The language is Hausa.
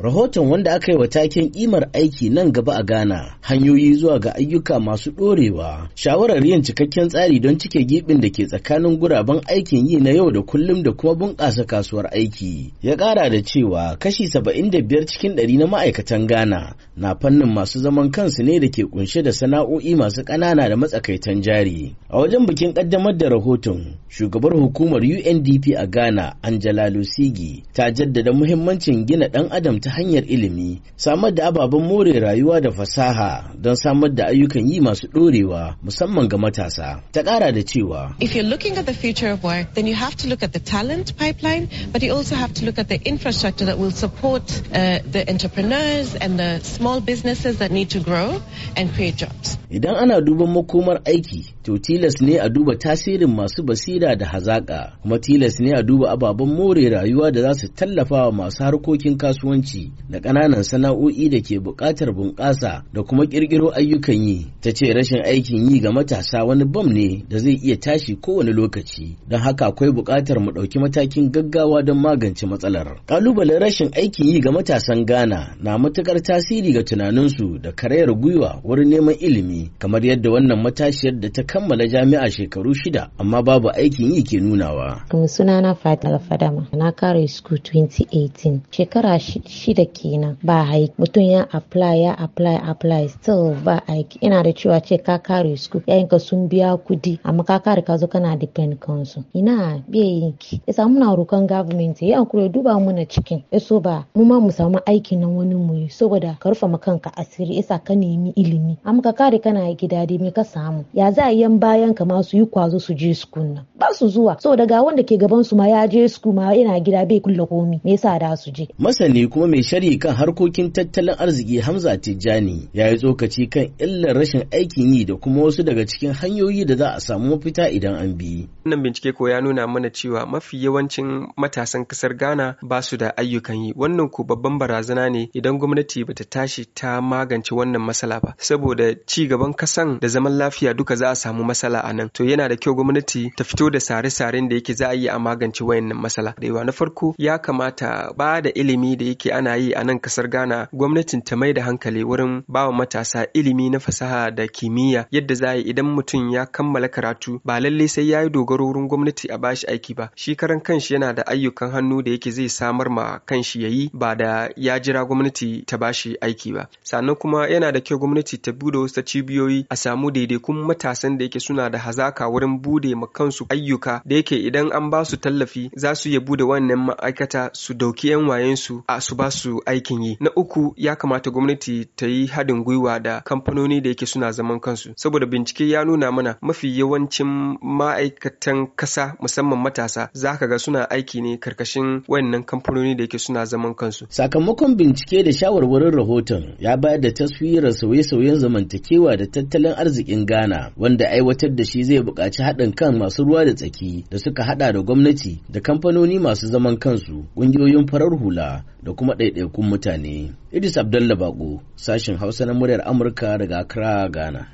Rahoton wanda aka yi wa taken imar aiki nan gaba a Ghana, hanyoyi zuwa ga ayyuka masu ɗorewa, shawarar yin cikakken tsari don cike gibin da ke tsakanin guraben aikin yi na yau da kullum da kuma bunƙasa kasuwar aiki. Ya ƙara da cewa kashi saba'in da biyar cikin ɗari na ma'aikatan Ghana na fannin masu zaman kansu ne da ke kunshe da sana'o'i masu ƙanana da matsakaitan jari. A wajen bikin ƙaddamar da rahoton, shugabar hukumar UNDP a Ghana, Angela Lusigi, ta jaddada muhimmancin gina ɗan adam ta hanyar ilimi samar da ababen more rayuwa da fasaha don samar da ayyukan yi masu musamman ga matasa ta da cewa if you're looking at the future of work then you have to look at the talent pipeline but you also have to look at the infrastructure that will support uh, the entrepreneurs and the small businesses that need to grow and create jobs Idan ana duban makomar aiki, to tilas ne a duba tasirin masu basira da hazaƙa, kuma tilas ne a duba ababen more rayuwa da za su tallafa wa masu harkokin kasuwanci da ƙananan sana'o'i da ke buƙatar bunƙasa da kuma ƙirƙiro ayyukan yi. Ta ce rashin aikin yi ga matasa wani bam ne da zai iya tashi kowane lokaci, don haka akwai buƙatar mu ɗauki matakin gaggawa don magance matsalar. Ƙalubalen rashin aikin yi ga matasan Ghana na matuƙar tasiri ga tunaninsu da karayar gwiwa wurin neman ilimi. yi kamar yadda wannan matashiyar da ta kammala jami'a shekaru shida amma babu aikin yi ke nunawa. Um, sunana Fatima Fadama na kare school 2018 shekara shida kenan ba haiki mutum ya apply ya apply apply still ba aiki ina da cewa ce ka kare school ka sun biya kudi amma ka kare ka zo kana depend kansu ina biye yinki ya samu na roƙon government ya kure duba na cikin ya so ba mu ma mu samu aiki nan wani mu saboda ka rufe ma kanka asiri isa ka nemi ilimi amma ka kare kana gida dai me ka samu ya za a yan bayan ka su yi kwazo su je su kunna ba su zuwa so daga wanda ke gaban su ma ya je su ma yana gida bai kulla komi me yasa da su je masani kuma mai shari kan harkokin tattalin arziki Hamza Tijjani ya yi tsokaci kan illar rashin aikin yi da kuma wasu daga cikin hanyoyi da za a samu mafita idan an bi wannan bincike ko ya nuna mana cewa mafi yawancin matasan kasar Ghana ba su da ayyukan yi wannan ku babban barazana ne idan gwamnati bata tashi ta magance wannan matsala ba saboda ci gaba gaban kasan da zaman lafiya duka za a samu matsala a nan to yana da kyau gwamnati ta fito da sare-saren da yake za a yi a magance wayannan matsala da yawa na farko ya kamata ba da ilimi da yake ana yi a nan kasar Ghana gwamnatin ta mai da hankali wurin ba wa matasa ilimi na fasaha da kimiyya yadda za yi idan mutum ya kammala karatu ba lalle sai ya yi dogaro wurin gwamnati a bashi aiki ba shi karan kanshi yana da ayyukan hannu da yake zai samar ma kanshi ya yi ba da ya jira gwamnati ta bashi aiki ba sannan kuma yana da kyau gwamnati ta bude wasu cibiyoyi a samu daidaikun matasan da yake suna da hazaka wurin bude ma kansu ayyuka da yake idan an ba su tallafi za su iya bude wannan ma'aikata su dauki yan wayensu a su ba su aikin yi na uku ya kamata gwamnati ta yi haɗin gwiwa da kamfanoni da yake suna zaman kansu saboda bincike ya nuna mana mafi yawancin ma'aikatan kasa musamman matasa za ka ga suna aiki ne karkashin wayannan kamfanoni da yake suna zaman kansu sakamakon bincike da shawarwarin rahoton ya bayar da taswirar sauye-sauyen zamantakewa da tattalin arzikin Ghana wanda aiwatar da shi zai buƙaci haɗin kan masu ruwa da tsaki da suka haɗa da gwamnati da kamfanoni masu zaman kansu, ƙungiyoyin farar hula da kuma ɗaiɗaikun mutane. Idris Abdullahi Bako, sashin Hausa na muryar Amurka daga Accra, Ghana.